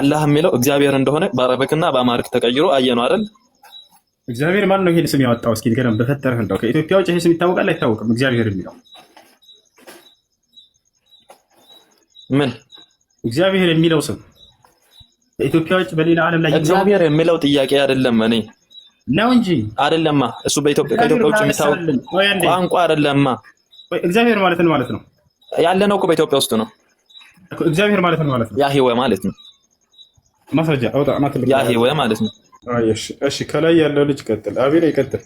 አላህ የሚለው እግዚአብሔር እንደሆነ በአረበክና በአማርክ ተቀይሮ አየ ነው አይደል? እግዚአብሔር ማን ነው? ይሄን ስም ያወጣው? እስኪ ንገረን በፈጠረህ። እንደው ከኢትዮጵያ ውጭ ይሄ ስም ይታወቃል አይታወቅም? እግዚአብሔር የሚለው ምን እግዚአብሔር የሚለው ስም በኢትዮጵያ ውጭ በሌላ ዓለም ላይ እግዚአብሔር የሚለው ጥያቄ አይደለም። እኔ ነው እንጂ አይደለማ። እሱ በኢትዮጵያ ከኢትዮጵያ ውጭ የሚታወቅ ቋንቋ አይደለማ። እግዚአብሔር ማለት ነው ማለት ነው ያለ ነው እኮ በኢትዮጵያ ውስጥ ነው እግዚአብሔር ማለት ነው ማለት ነው። ያህዌ ማለት ነው። ማስረጃ አውጣ። ያህዌ ማለት ነው። እሺ ከላይ ያለው ልጅ ቀጥል። አቤል ይቀጥል።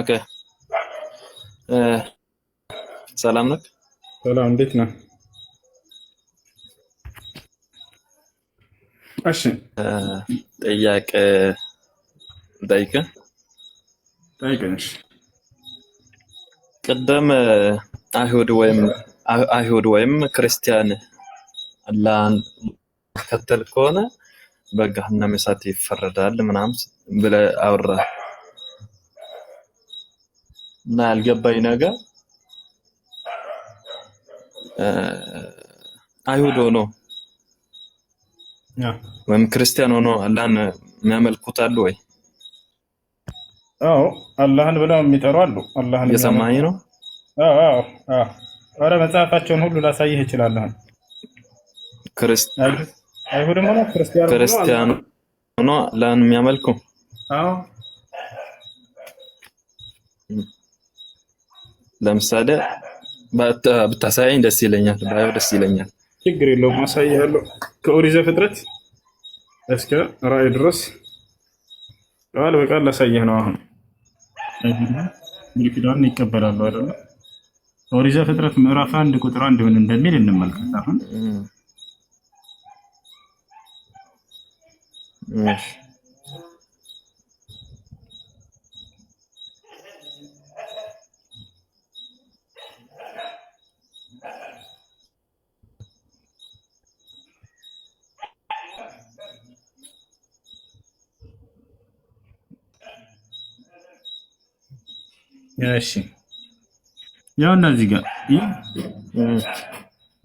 ኦኬ ሰላም ነህ? ሰላም እንዴት ነህ? እሺ ጥያቄ ጠይቅህ ጠይቅህ። እሺ ቅድም አይሁድ ወይም አይሁድ ወይም ክርስቲያን አላህን ከተል ከሆነ በገሃነመ እሳት ይፈረዳል ምናምን ብለህ አወራህ እና ያልገባኝ ነገር አይሁድ ሆኖ ወይም ክርስቲያን ሆኖ አላህን የሚያመልኩት አሉ ወይ? አዎ አላህን ብለው የሚጠሩ አሉ። አላህን የሰማኸኝ ነው ኧረ መጽሐፋቸውን ሁሉ ላሳይህ እችላለሁ። አይሁድም ሆነ ክርስቲያን ሆኖ ላን የሚያመልኩ ለምሳሌ ብታሳያኝ ደስ ይለኛል። ባየው ደስ ይለኛል። ችግር የለውም አሳይሃለሁ። ከኦሪት ዘፍጥረት እስከ ራእይ ድረስ ቃል በቃል ላሳይህ ነው። አሁን ቃልን ይቀበላሉ አይደለም ኦሪት ዘፍጥረት ምዕራፍ አንድ ቁጥር አንድ ምን እንደሚል እንመልከት። አሁን እሺ ያውና እዚህ ጋር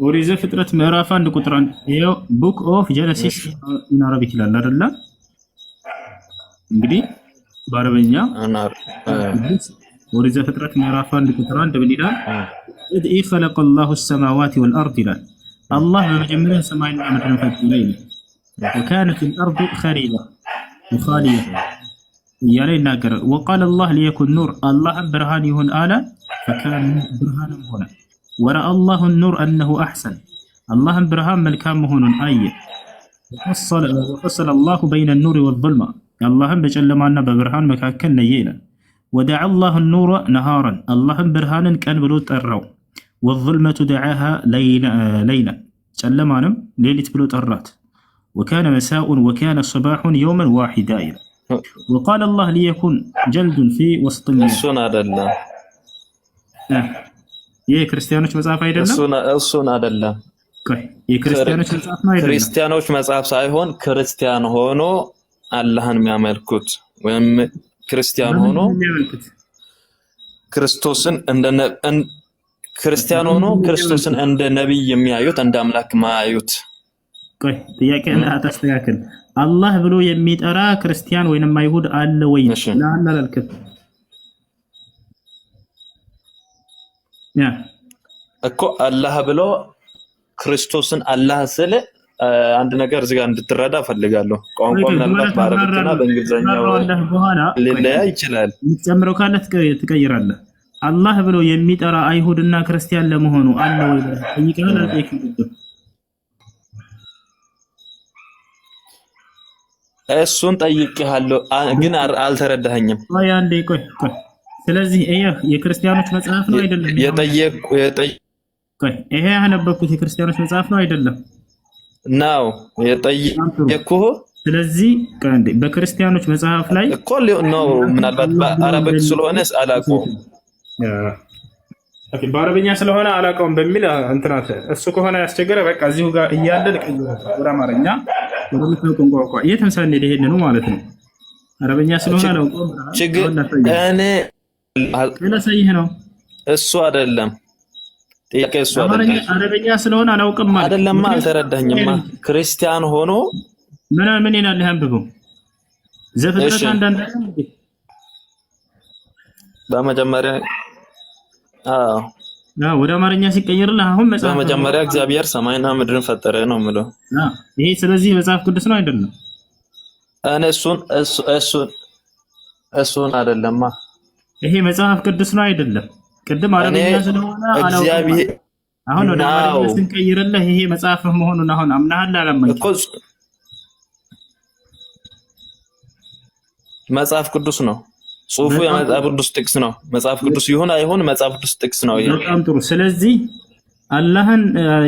ኦሪት ዘፍጥረት ምዕራፍ አንድ ቁጥር አንድ ይኸው ቡክ ኦፍ ጀነሲስ ኢን አረቢክ ይላል አይደለ? እንግዲህ በአረበኛ ኦሪት ዘፍጥረት ምዕራፍ አንድ ቁጥር አንድ ምን ይላል? እድኢ ኸለቀ ላሁ ሰማዋት ወልአርድ ይላል። አላህ በመጀመሪያ ሰማይና ምድርን ፈጠረ ይላል። ወካነት ልአርዱ ኸሪባ ኻሊያ እያለ ይናገራል። ወቃለ ላህ ሊየኩን ኑር አላህም ብርሃን ይሁን አለ فكان برهانا هنا وراى الله النور انه احسن الله برهان ملكام هنا اي وفصل وفصل الله بين النور والظلمه الله بجل ما انا ببرهان مكاكل نيينا ودعا الله النور نهارا الله برهانا كان بلوت تروا والظلمة دعاها ليلا ليلا سلمان ليلة بلوت الرات وكان مساء وكان صباح يوما واحدا وقال الله ليكن جلد في وسط الناس ይህ የክርስቲያኖች መጽሐፍ አይደለም። እሱን አይደለም የክርስቲያኖች መጽሐፍ ነው። አይደለም ክርስቲያኖች መጽሐፍ ሳይሆን ክርስቲያን ሆኖ አላህን የሚያመልኩት ወይም ክርስቲያን ሆኖ ክርስቶስን እንደ ክርስቲያን ሆኖ ክርስቶስን እንደ ነቢይ የሚያዩት እንደ አምላክ ማያዩት። ቆይ ጥያቄን አታስተካክል። አላህ ብሎ የሚጠራ ክርስቲያን ወይንም አይሁድ አለ ወይ? ለአን አላልክም እኮ አላህ ብሎ ክርስቶስን አላህ ስል አንድ ነገር እዚጋ እንድትረዳ ፈልጋለሁ። ቋንቋ ምናልባት በአረብና በእንግሊዝኛው ይችላል። የምትጨምረው ካለ ትቀይራለህ። አላህ ብሎ የሚጠራ አይሁድና ክርስቲያን ለመሆኑ አለ ወይ ጠይቀናል። እሱን ጠይቄሃለሁ፣ ግን አልተረዳኸኝም። ቆይ አንዴ ቆይ ቆይ ስለዚህ ይህ የክርስቲያኖች መጽሐፍ ነው አይደለም? የጠየቁ ይሄ ያነበብኩት የክርስቲያኖች መጽሐፍ ነው አይደለም? ናው የጠየቁ ስለዚህ ቀንዴ በክርስቲያኖች መጽሐፍ ላይ እኮ ነው። ምናልባት በአረበኛ ስለሆነ አላውቀውም፣ በአረበኛ ስለሆነ አላውቀውም በሚል እንትናት እሱ ከሆነ ያስቸገረ በቃ እዚሁ ጋር እያለ ልቀይ ወደ አማርኛ ወደምታውቀው ቋንቋ እየተንሳኔ ነው ማለት ነው። አረበኛ ስለሆነ አላውቀውም። እኔ ነው እሱ አይደለም ጥያቄ እሱ አረበኛ ስለሆነ አላውቅም ማለት አይደለም። አልተረዳኝማ። ክርስቲያን ሆኖ ምን ምን ይላል? አንብበው ዘፍጥረት በመጀመሪያ አዎ ወደ አማርኛ ሲቀየርልህ አሁን መጽሐፍ በመጀመሪያ እግዚአብሔር ሰማይና ምድርን ፈጠረ ነው የምለው። ይሄ ስለዚህ መጽሐፍ ቅዱስ ነው አይደለም? እኔ እሱን እሱን እሱን አይደለማ ይሄ መጽሐፍ ቅዱስ ነው አይደለም። ቅድም አረብኛ ስለሆነ አሁን ወደ አማርኛ ስንቀይርልህ ይሄ መጽሐፍ መሆኑን አሁን አምናሃል አላመንክም መጽሐፍ ቅዱስ ነው ጽሁፉ፣ የመጽሐፍ ቅዱስ ጥቅስ ነው። መጽሐፍ ቅዱስ ይሁን አይሁን መጽሐፍ ቅዱስ ጥቅስ ነው። በጣም ጥሩ። ስለዚህ አላህን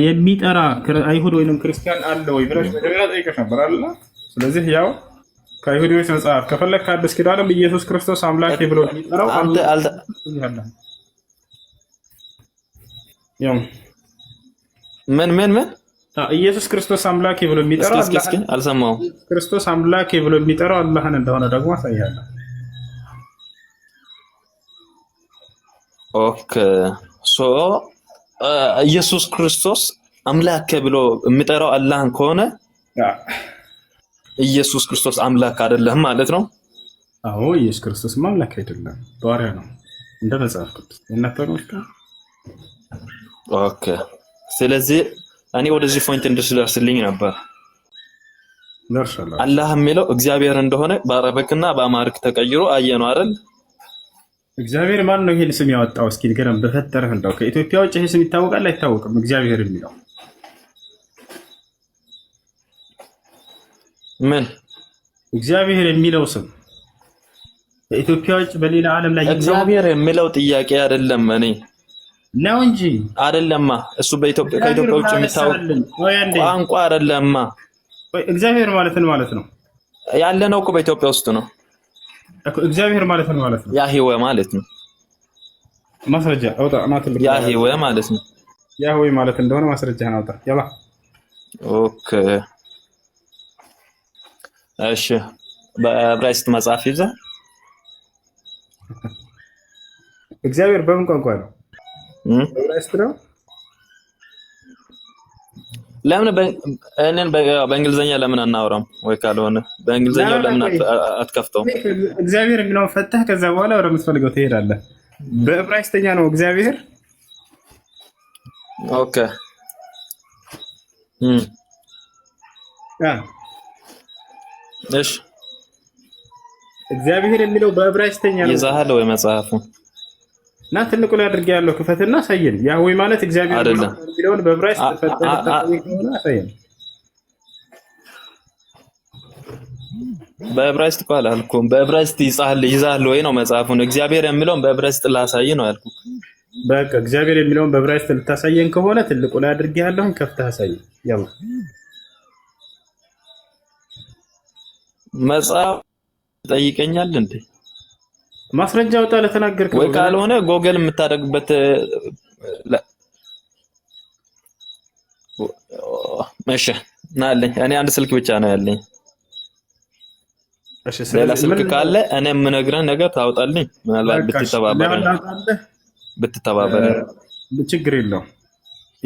የሚጠራ አይሁድ ወይንም ክርስቲያን አለ ወይ ብለሽ መጀመሪያ ጠይቀሽ ነበር አለ። ስለዚህ ያው ከይሁዲዎች መጽሐፍ ከፈለግ ከአዲስ ኪዳንም ኢየሱስ ክርስቶስ አምላኬ ብሎ የሚጠራው ምን ምን ምን ኢየሱስ ክርስቶስ አምላኬ ብሎ የሚጠራው አልሰማሁም። ክርስቶስ አምላኬ ብሎ የሚጠራው አላህን እንደሆነ ደግሞ አሳያለሁ። ኦኬ ኢየሱስ ክርስቶስ አምላኬ ብሎ የሚጠራው አላህን ከሆነ ኢየሱስ ክርስቶስ አምላክ አይደለም ማለት ነው? አዎ ኢየሱስ ክርስቶስ አምላክ አይደለም፣ ባሪያ ነው እንደ መጽሐፍ ቅዱስ የናፈኖች ኦኬ። ስለዚህ እኔ ወደዚህ ፖይንት እንድስደርስልኝ ነበር። አላህ የሚለው እግዚአብሔር እንደሆነ በአረበክና በአማርክ ተቀይሮ አየ ነው አይደል? እግዚአብሔር ማን ነው ይሄን ስም ያወጣው? እስኪ ንገረን በፈጠረህ። እንደው ከኢትዮጵያ ውጭ ይሄ ስም ይታወቃል አይታወቅም? እግዚአብሔር የሚለው ምን እግዚአብሔር የሚለው ስም በኢትዮጵያ ውጭ በሌላ ዓለም ላይ እግዚአብሔር የሚለው ጥያቄ አይደለም። እኔ ነው እንጂ አይደለማ። እሱ በኢትዮጵያ ከኢትዮጵያ ውጭ የሚታወቅ ቋንቋ አይደለማ። እግዚአብሔር ማለት ነው ማለት ነው ያለ ነው እኮ በኢትዮጵያ ውስጥ ነው። እግዚአብሔር ማለት ነው ማለት ነው ያህዌ ማለት ነው። ማስረጃ አውጣ እናት ብር ያህዌ ማለት ነው። ያህዌ ማለት እንደሆነ ማስረጃ አውጣ። ያላ ኦኬ እሺ በዕብራይስጥ መጽሐፍ ይዘ እግዚአብሔር በምን ቋንቋ ነው? በዕብራይስጥ ነው። ለምን እኔን በእንግሊዝኛ ለምን አናወራም? ወይ ካልሆነ በእንግሊዝኛው ለምን አትከፍተውም? እግዚአብሔር የሚለውን ፈተህ ከዛ በኋላ ወደ የምትፈልገው ትሄዳለህ። በዕብራይስተኛ ነው እግዚአብሔር። ኦኬ እሺ እግዚአብሔር የሚለው በዕብራይስተኛ ነው። ይዛሃል ወይ መጽሐፉ እና ትልቁ ላይ አድርጌ ያለው ክፈትና አሳየን። ያህዌ ማለት እግዚአብሔር አይደለም የሚለውን በዕብራይስጥ አሳየን። በዕብራይስጥ እኮ አላልኩም። በዕብራይስጥ ይዛሃል ይዛሃል ወይ ነው መጽሐፉን። እግዚአብሔር የሚለውን በዕብራይስጥ ላሳይ ነው ያልኩ። በቃ እግዚአብሔር የሚለውን በዕብራይስጥ ልታሳየን ከሆነ ትልቁ ላይ አድርጌ ያለውን ከፍተህ አሳየን። ያው መጽሐፍ ጠይቀኛል እንዴ? ማስረጃ ወጣ ለተናገርከው ወይ ካልሆነ ጎግል የምታደርግበት እሺ ናለኝ እኔ አንድ ስልክ ብቻ ነው ያለኝ። ሌላ ስልክ ካለ እኔ የምነግረን ነገር ታውጣልኝ። ምናልባት ብትተባበረን ብትተባበረን ችግር የለውም።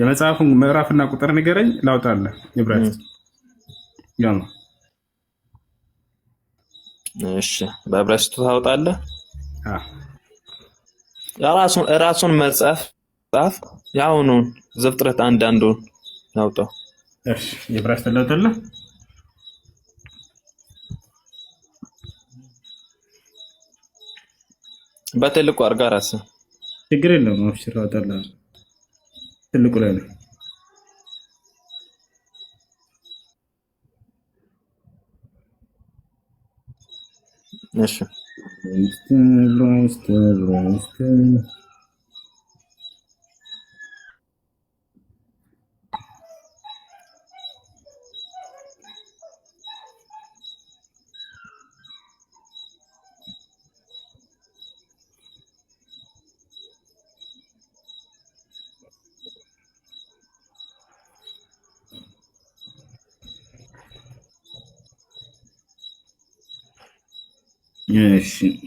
የመጽሐፉን ምዕራፍና ቁጥር ንገረኝ፣ ላውጣለህ። ይብራሂም ያ ነው እሺ በብረስቱ ታወጣለህ። ራሱን ራሱን መጽሐፍ ጻፍ ያውኑን ዘፍጥረት አንድ አንዱን ያውጣው። እሺ የብራስ ተላውጣለህ። በትልቁ አድርጋ ራስህ ችግር የለውም። አብሽር አወጣለሁ። ትልቁ ላይ ነው Миша. Здрасте, здрасте, здрасте. 也行。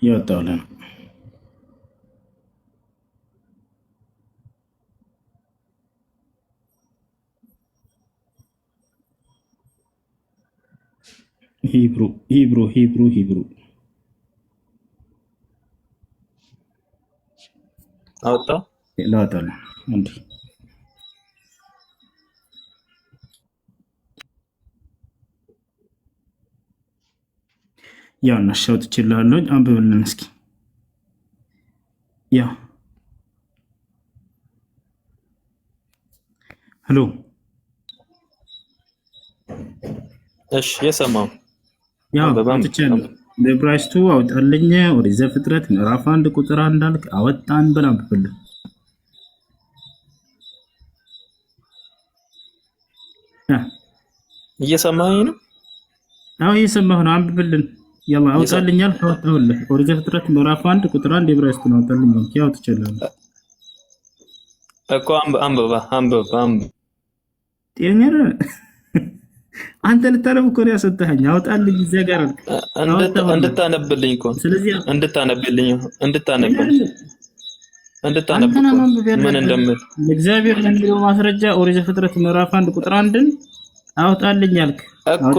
Ya Ta'ala Hebrew, Hebrew, Hebrew, Hebrew. Auto? Tidak, tidak. Nanti. ያው እናሻውት ይችላለሁኝ። አንብብልን እስኪ ያ ሄሎ፣ እሺ፣ የሰማው ያው አውጥቻለሁ። ለዕብራይስጡ አውጣልኝ። ወደ ዘፍጥረት ምዕራፍ አንድ ቁጥር አንድ አልክ አወጣን ብላ አንብብልን እየሰማኝ ነው? አዎ እየሰማሁ ነው። አንብብልን ያው አውጣልኛል ታውጣውል ኦሪት ዘፍጥረት ምዕራፍ 1 ቁጥር 1 የዕብራይስጥ ነው። አውጣልኛል ያው ትችላለህ እኮ አምብ አምብ አምብ ጤነኛ አንተ ልታነብ እኮ ነው ያሰጠኸኝ። አውጣልኝ እዚያ ጋር እንድታነብልኝ እኮ ስለዚህ እንድታነብልኝ እንድታነብልኝ እንድታነብልኝ ምን እንደምል እግዚአብሔር ለሚለው ማስረጃ ኦሪት ዘፍጥረት ምዕራፍ 1 ቁጥር አንድን አውጣልኝ አልክ እኮ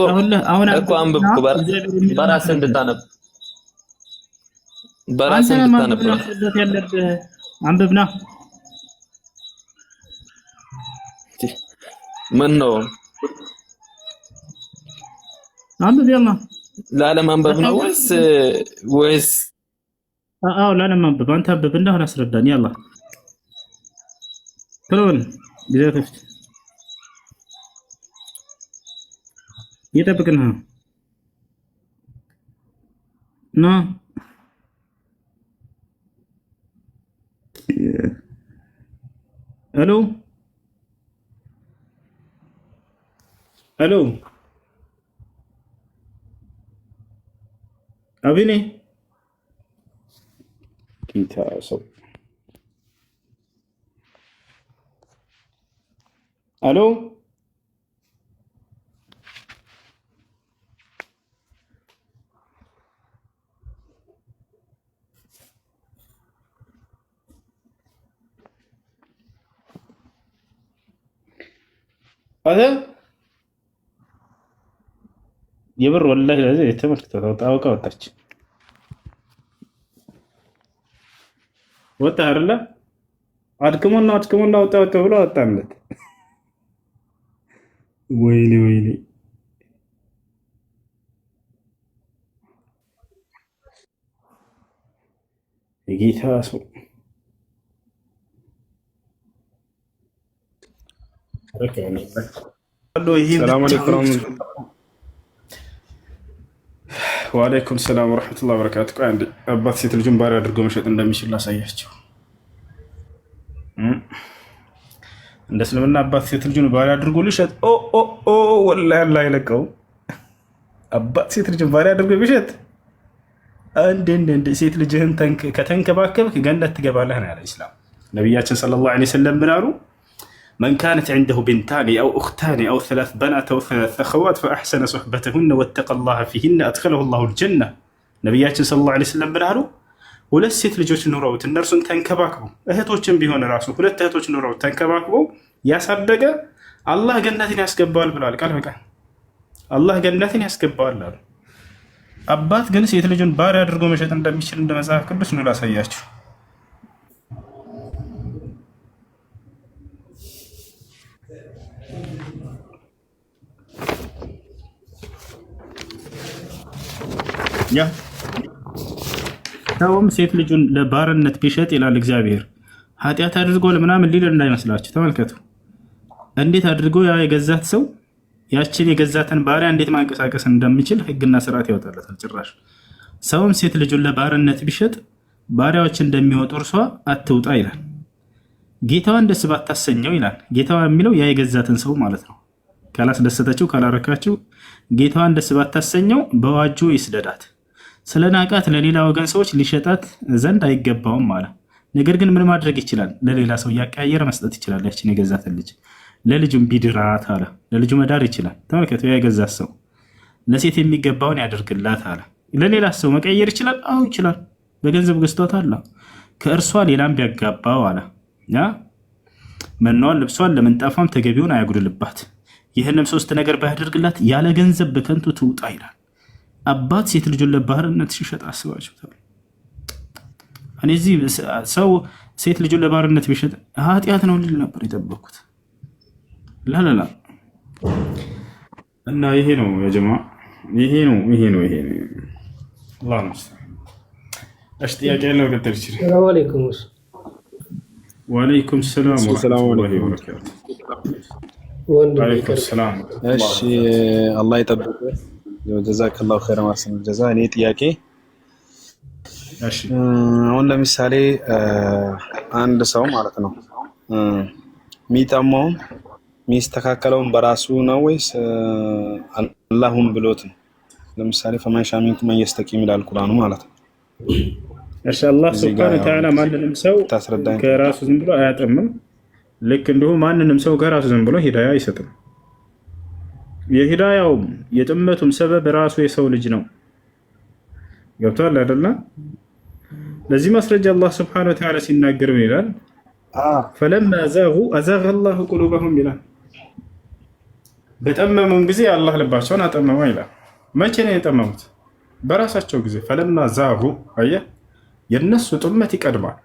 አሁን እኮ አንብብኩ በራስህ እንድታነብ በራስህ እንድታነብ ምን ነው አንብብ ነው ወይስ ወይስ አዎ ለዓለም አንተ አንብብ እንደሆነ አስረዳኝ ያላ ቶሎ ጊዜ ተፍት እየጠብቅን ነው ና ሄሎ ሄሎ አቢኔ ጌታ ሰው ሄሎ የምር ወላሂ ተመልክተው ጣወቃ ወጣች ወጣ አይደለ? አድክሞና አድክሞና ወጣ ወጣ ብሎ ወጣለት። ወይኔ ወይኔ የጌታ ሰው ዋአለይኩም ሰላም ወረሕመቱላሂ በረካቱ። አንድ አባት ሴት ልጁን ባሪያ አድርጎ መሸጥ እንደሚችል ላሳያቸው። እንደ እስልምና አባት ሴት ልጁን ባሪያ አድርጎ ሊሸጥ ወላሂ አላህ አይለቀውም። አባት ሴት ልጁን ባሪያ አድርጎ ቢሸጥ እንደ ሴት ልጅህን ከተንከባከብክ ገነት ትገባለህ ነው ያለ ኢስላም። ነቢያችን ሰለላሁ ዐለይሂ ወሰለም ምን አሉ? من كانت عنده بنتان أو أختان أو ثلاث بنات أو ثلاث أخوات فأحسن صحبتهن واتقى الله فيهن أدخله الله الجنة ነቢያችን ስለ ላ ስለም ምን አሉ? ሁለት ሴት ልጆች ኑረውት እነርሱን ተንከባክበው እህቶችን ቢሆን ራሱ ሁለት እህቶች ኑረውት ተንከባክቦ ያሳደገ አላህ ገነትን ያስገባዋል ብለዋል። ቃል በቃል አላህ ገነትን ያስገባዋል አሉ። አባት ግን ሴት ልጁን ባሪያ አድርጎ መሸጥ እንደሚችል እንደ መጽሐፍ ቅዱስ ነው ላሳያችሁ። ያ ሰውም ሴት ልጁን ለባርነት ቢሸጥ ይላል እግዚአብሔር ኃጢአት አድርጎ ምናምን ሊል እንዳይመስላችሁ ተመልከቱ። እንዴት አድርጎ ያ የገዛት ሰው ያችን የገዛትን ባሪያ እንዴት ማንቀሳቀስ እንደሚችል ህግና ስርዓት ያወጣለታል። ጭራሽ ሰውም ሴት ልጁን ለባርነት ቢሸጥ ባሪያዎች እንደሚወጡ እርሷ አትውጣ ይላል። ጌታዋን ደስ ባታሰኘው ይላል። ጌታዋ የሚለው ያ የገዛትን ሰው ማለት ነው። ካላስደሰተችው፣ ካላረካችው ጌታዋን ደስ ባታሰኘው በዋጁ ይስደዳት። ስለ ናቃት ለሌላ ወገን ሰዎች ሊሸጣት ዘንድ አይገባውም አለ። ነገር ግን ምን ማድረግ ይችላል? ለሌላ ሰው እያቀያየረ መስጠት ይችላል። ያችን የገዛት ልጅ ለልጁም ቢድራት አለ። ለልጁ መዳር ይችላል። ተመልከቱ፣ የገዛት ሰው ለሴት የሚገባውን ያደርግላት አለ። ለሌላ ሰው መቀየር ይችላል? አዎ ይችላል። በገንዘብ ገዝቷት አለ። ከእርሷ ሌላም ቢያጋባው አለ መናዋን፣ ልብሷን፣ ለምንጣፏም ተገቢውን አያጉድልባት። ይህንም ሶስት ነገር ባያደርግላት ያለ ገንዘብ በከንቱ ትውጣ ይላል። አባት ሴት ልጁን ለባህርነት ሲሸጥ አስባችሁታል? እኔ እዚህ ሰው ሴት ልጁን ለባህርነት ቢሸጥ ኃጢአት ነው ልል ነበር የጠበኩት። ላላላ እና ይሄ ነው ያጀማ፣ ይሄ ነው ይሄ ነው ይሄ ነው። አላህ ይመስገን። እሺ ጥያቄ ያለው ከተል ይችላል። ሰላም አለይኩም። ወአለይኩም ሰላም ወራህመቱላሂ ወበረካቱ። ወንድም ይቀር ሰላም። እሺ አላህ ይጠብቅ። ጀዛከላሁ ኸይረን ማሰን ጀዛ። እኔ ጥያቄ አሁን ለምሳሌ አንድ ሰው ማለት ነው የሚጠማውን የሚስተካከለውን በራሱ ነው ወይስ አላሁን ብሎት ነው? ለምሳሌ ፈመን ሻአ ሚንኩም አን የስተቂም ይላል ቁርአኑ ማለት ነው። እሺ አላህ ሱብሓነሁ ወተዓላ ማንንም ሰው ከራሱ ዝም ብሎ አያጠምም። ልክ እንዲሁ ማንንም ሰው ከራሱ ዝም ብሎ ሂዳያ አይሰጥም። የሂዳያውም የጥመቱም ሰበብ ራሱ የሰው ልጅ ነው። ገብቷል አይደለ? ለዚህ ማስረጃ አላህ ስብሐነሁ ወተዓላ ሲናገር ምን ይላል? ፈለማ ዛጉ አዛገ አላሁ ቁሉበሁም ይላል። በጠመሙም ጊዜ አላህ ልባቸውን አጠመመ ይላል። መቼ ነው የጠመሙት? በራሳቸው ጊዜ። ፈለማ ዛጉ አየ፣ የነሱ ጥመት ይቀድማል።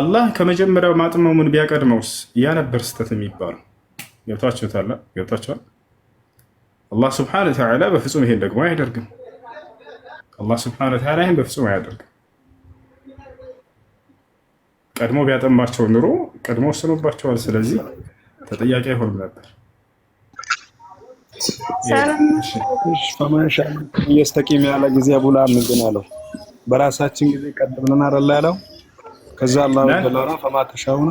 አላህ ከመጀመሪያው ማጥመሙን ቢያቀድመውስ ያ ነበር ስህተት የሚባለው። ገብታችኋል? አላህ ስብሐነ ወተዓላ በፍጹም ይሄን ደግሞ አያደርግም። አላህ ስብሐነ ወተዓላ ይሄን በፍጹም አያደርግም። ቀድሞ ቢያጠማቸው ኑሮ ቀድሞ ወስኖባቸዋል። ስለዚህ ተጠያቂ አይሆንም ነበር። የስተቂም ያለ ጊዜ ቡላ ምንድን አለው? በራሳችን ጊዜ ቀድምልን አረላ ያለው ከዛ አላህ ወደላራ ፈማ ተሻውና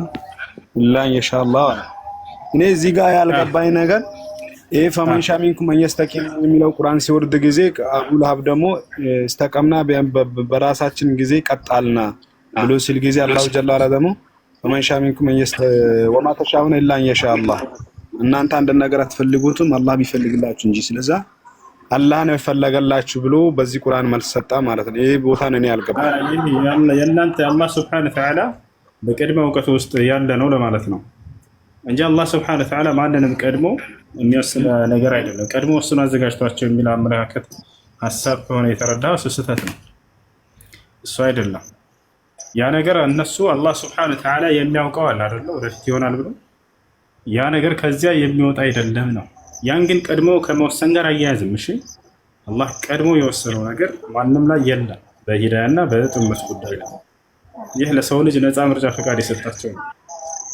ኢንሻአላህ። እኔ እዚህ ጋር ያልገባኝ ነገር ይህ ፈመን ሻ ሚንኩም አን የስተቂም የሚለው ቁርአን ሲወርድ ጊዜ አቡ ለሀብ ደግሞ እስተቀምና በራሳችን ጊዜ ቀጣልና ብሎ ሲል ጊዜ አላሁ ጀላላ ደግሞ ፈመን ሻ ሚንኩም ወማ ተሻኡነ ኢላ አን የሻ አላህ እናንተ አንድ ነገር አትፈልጉትም አላህ ቢፈልግላችሁ እንጂ ስለዛ አላህ ነው የፈለገላችሁ ብሎ በዚህ ቁርአን መልስ ሰጣ ማለት ነው። ይህ ቦታ ነው እኔ ያልገባኝ። የእናንተ አላህ ስብሐነ ተዓላ በቅድመ እውቀቱ ውስጥ ያለ ነው ለማለት ነው። እንጂ አላህ ስብሐነ ወተዓላ ማንንም ቀድሞ የሚወስነ ነገር አይደለም። ቀድሞ እሱን አዘጋጅቷቸው የሚል አመለካከት ሀሳብ ከሆነ የተረዳ እሱ ስህተት ነው። እሱ አይደለም ያ ነገር እነሱ አላህ ስብሐነ ወተዓላ የሚያውቀው አለ አይደለ ወደፊት ይሆናል ብሎ ያ ነገር ከዚያ የሚወጣ አይደለም ነው። ያን ግን ቀድሞ ከመወሰን ጋር አያያዝም። እሺ አላህ ቀድሞ የወሰነው ነገር ማንም ላይ የለም በሂዳያና በጥመት ጉዳይ ነው። ይህ ለሰው ልጅ ነፃ ምርጫ ፈቃድ የሰጣቸው ነው።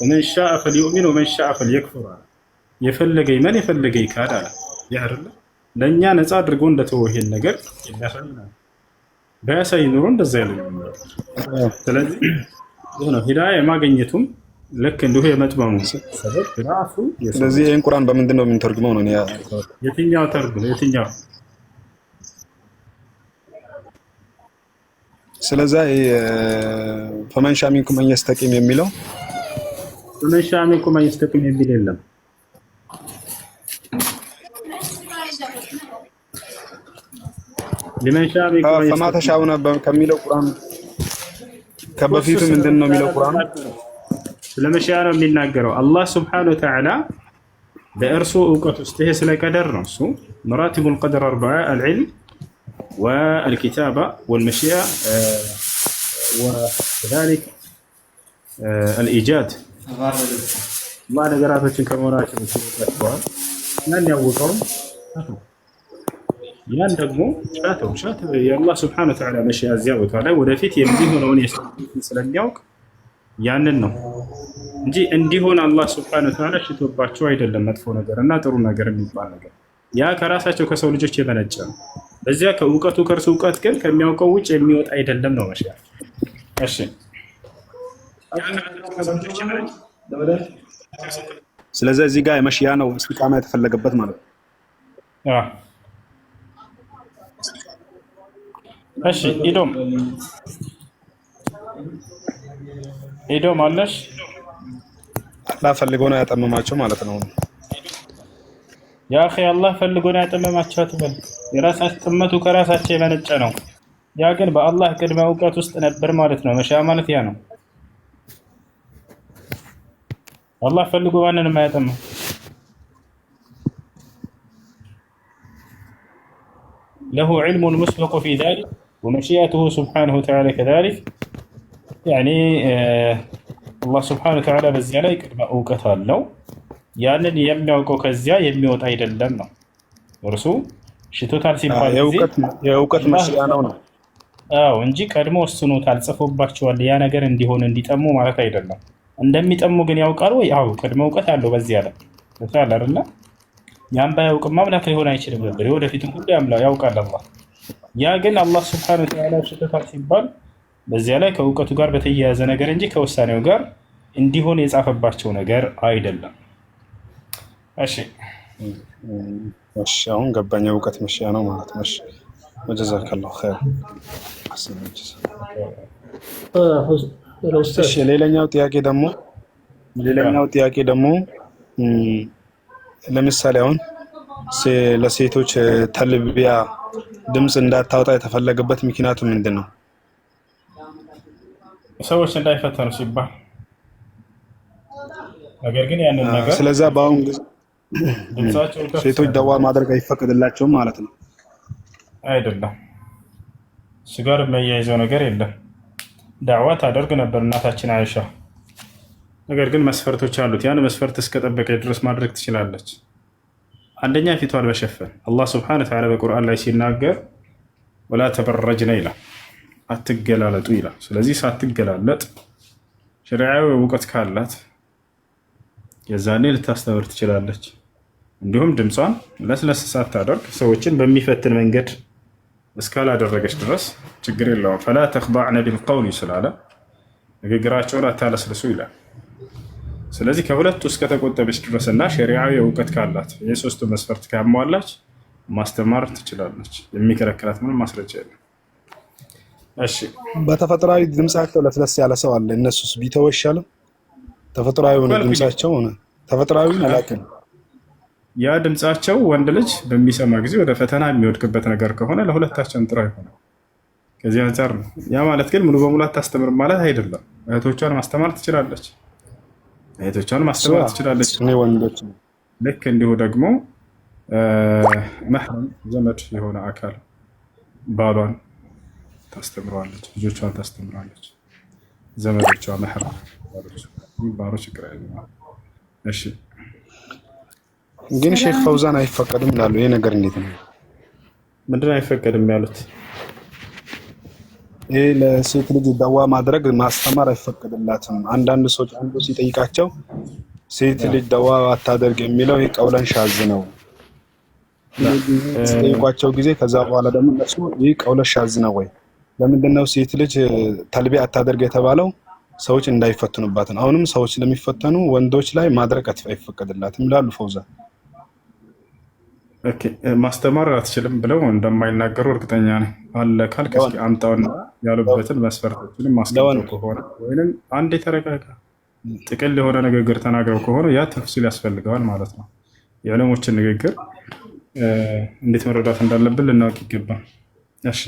ወመን ሻአ ፈልዩእሚን ወመን ሻአ ፈልየክፉር አለ። የፈለገ ይመን የፈለገ ይካድ አለ። ያርለ ለእኛ ነፃ አድርጎ እንደተወ ይሄን ነገር በያሳይ ኑሮ እንደዛ ያለ ስለዚህ ነው ሂዳያ የማገኘቱም ልክ እንዲሁ የመጥመሙ ራሱ ስለዚህ ይህን ቁርአን በምንድን ነው የምንተርጉመው ነው የትኛው ተርጉም የትኛው ስለዛ ፈመንሻ ሚንኩም እየስተቂም የሚለው الله فما تشاءون كميلو قران كبفيت من دنو ميلو الله سبحانه وتعالى بأرسو أوقات استهس لك درنسو مراتب القدر أربعة العلم والكتابة والمشيئة وكذلك الإيجاد ማ ነገራቶችን ከመሆናቸው ተሰጥቷል። ያን ያወቀው ያን ደግሞ ሻተው ሻተው የአላህ ስብሐነ ወተዓላ መሻ እዚያ ቦታ ላይ ወደፊት የሚሆነውን ስለሚያውቅ ያንን ነው እንጂ እንዲሆን አላህ ስብሐነ ወተዓላ ሽቶባቸው አይደለም። መጥፎ ነገር እና ጥሩ ነገር የሚባል ነገር ያ ከራሳቸው ከሰው ልጆች የመነጨ ነው። በዚያ ከእውቀቱ ከእርሱ እውቀት ግን ከሚያውቀው ውጭ የሚወጣ አይደለም ነው መሻ እሺ ስለዚህ እዚህ ጋር የመሽያ ነው ኢስቲቃማ የተፈለገበት ማለት ነው። እሺ ኢዶም ኢዶም አለሽ አላህ ፈልጎ ነው ያጠመማቸው ማለት ነው። ያኺ አላህ ፈልጎ ነው ያጠመማቸው አትበል። የራሳቸው ጥመቱ ከራሳቸው የመነጨ ነው። ያ ግን በአላህ ቅድመ እውቀት ውስጥ ነበር ማለት ነው። መሻ ማለት ያ ነው። ወላሂ ፈልጎ ማንንም አያጠማ። ለሁ ዒልሙን ሙስበቁ ፊ ዛሊክ ወመሽያቱሁ ስብሓነሁ ወተዓላ ከዛሊክ። ያኔ አላህ ስብሓነሁ ወተዓላ በዚያ ላይ ቅድመ እውቀት አለው። ያንን የሚያውቀው ከዚያ የሚወጣ አይደለም ነው። እርሱ ሽቶታል ሲባል የእውቀት መሽያ ነው ነው እንጂ ቀድሞ ወስኖታል፣ ጽፎባቸዋል ያ ነገር እንዲሆን እንዲጠሙ ማለት አይደለም። እንደሚጠሙ ግን ያውቃል ወይ? አዎ ቅድመ እውቀት አለው በዚህ ዓለም ይቻል አይደለ? ያን ባያውቅም አምላክ ሊሆን አይችልም ነበር። የወደፊትም ሁሉ ያውቃል አላህ። ያ ግን አላህ ስብሐነሁ ወተዓላ ስቶታል ሲባል በዚያ ላይ ከእውቀቱ ጋር በተያያዘ ነገር እንጂ ከውሳኔው ጋር እንዲሆን የጻፈባቸው ነገር አይደለም። እሺ እሺ፣ አሁን ገባኝ። እውቀት መሻያ ነው ማለት ነው። እሺ ወጀዛከላሁ ኸይር ሌላኛው ጥያቄ ደግሞ ሌላኛው ጥያቄ ደግሞ ለምሳሌ አሁን ለሴቶች ተልቢያ ድምፅ እንዳታወጣ የተፈለገበት ምክንያቱ ምንድን ነው? ሰዎች እንዳይፈተኑ ሲባል ነገር ግን ያንን ነገር ስለዛ በአሁን ጊዜ ሴቶች ደዋ ማድረግ አይፈቀድላቸውም ማለት ነው። አይደለም፣ እሱ ጋር የሚያያይዘው ነገር የለም። ዳዕዋ ታደርግ ነበር እናታችን አይሻ። ነገር ግን መስፈርቶች አሉት። ያን መስፈርት እስከጠበቀ ድረስ ማድረግ ትችላለች። አንደኛ ፊቷን መሸፈን። አላህ ስብሐነሁ ወተዓላ በቁርአን ላይ ሲናገር ወላ ተበረጅነ ይላል፣ አትገላለጡ ይላል። ስለዚህ ሳትገላለጥ ሸሪዓዊ እውቀት ካላት የዛኔ ልታስተምር ትችላለች። እንዲሁም ድምጿን ለስለስ ሳታደርግ ሰዎችን በሚፈትን መንገድ እስካላደረገች ድረስ ችግር የለውም። ፈላ ተኽዳዕነ ቢልቀውል ስላለ ንግግራቸውን አታለስልሱ ይላል። ስለዚህ ከሁለቱ እስከተቆጠበች ድረስና ሸሪዓዊ እውቀት ካላት የሶስቱ መስፈርት ካሟላች ማስተማር ትችላለች። የሚከለክላት ምንም ማስረጃ የለም። እሺ፣ በተፈጥሯዊ ድምጻቸው ለስለስ ያለ ሰው አለ። እነሱስ ቢተወሻልም ይሻልም? ተፈጥሯዊ ሆነ ድምፃቸው ሆነ ተፈጥሯዊን አላውቅም ያ ድምፃቸው ወንድ ልጅ በሚሰማ ጊዜ ወደ ፈተና የሚወድቅበት ነገር ከሆነ ለሁለታችን ጥሩ አይሆንም። ከዚህ አንጻር ነው። ያ ማለት ግን ሙሉ በሙሉ አታስተምርም ማለት አይደለም። እህቶቿን ማስተማር ትችላለች። እህቶቿን ማስተማር ትችላለች። ልክ እንዲሁ ደግሞ መህረም ዘመድ የሆነ አካል ባሏን ታስተምረዋለች፣ ልጆቿን ታስተምረዋለች። ዘመዶቿ መህረም ባሮች ችግር እሺ ግን ሼክ ፈውዛን አይፈቀድም ይላሉ። ይህ ነገር እንዴት ነው? ምንድን አይፈቀድም ያሉት? ይህ ለሴት ልጅ ደዋ ማድረግ ማስተማር አይፈቀድላትም። አንዳንድ ሰዎች አንዱ ሲጠይቃቸው ሴት ልጅ ደዋ አታደርግ የሚለው ይህ ቀውለን ሻዝ ነው ሲጠይቋቸው ጊዜ ከዛ በኋላ ደግሞ እነሱ ይህ ቀውለን ሻዝ ነው ወይ ለምንድነው ሴት ልጅ ተልቢያ አታደርግ የተባለው? ሰዎች እንዳይፈትኑባት ነው። አሁንም ሰዎች ለሚፈተኑ ወንዶች ላይ ማድረግ አይፈቀድላትም ይላሉ ፈውዛን ማስተማር አትችልም ብለው እንደማይናገሩ እርግጠኛ ነኝ። አለ ካልክ እስኪ አምጣውና ያሉበትን መስፈርቶችንም ማስቀመጥ ከሆነ ወይም አንድ የተረጋጋ ጥቅል የሆነ ንግግር ተናግረው ከሆነ ያ ተፍሲል ያስፈልገዋል ማለት ነው። የዕለሞችን ንግግር እንዴት መረዳት እንዳለብን ልናውቅ ይገባል። እሺ